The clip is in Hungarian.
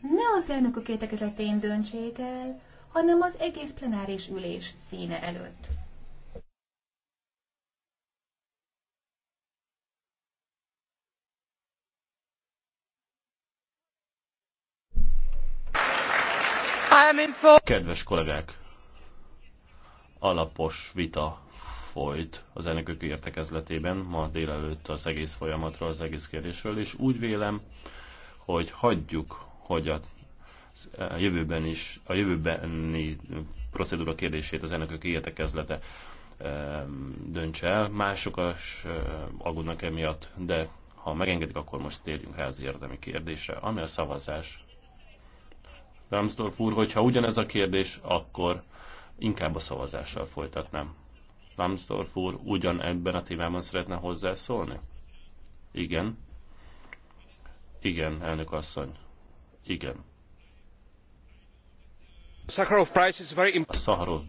ne az elnökök értekezetén döntsék el, hanem az egész plenáris ülés színe előtt. Kedves kollégák, alapos vita folyt az elnökök értekezletében ma délelőtt az egész folyamatról, az egész kérdésről, és úgy vélem, hogy hagyjuk hogy a jövőben is, a jövőbeni procedúra kérdését az elnökök értekezlete dönts el. Mások is aggódnak emiatt, de ha megengedik, akkor most térjünk rá az érdemi kérdésre, ami a szavazás. Ramsdorf úr, hogyha ugyanez a kérdés, akkor inkább a szavazással folytatnám. Ramsdorf úr ugyan ebben a témában szeretne hozzászólni? Igen. Igen, elnök asszony. Igen. A Szaharov-díj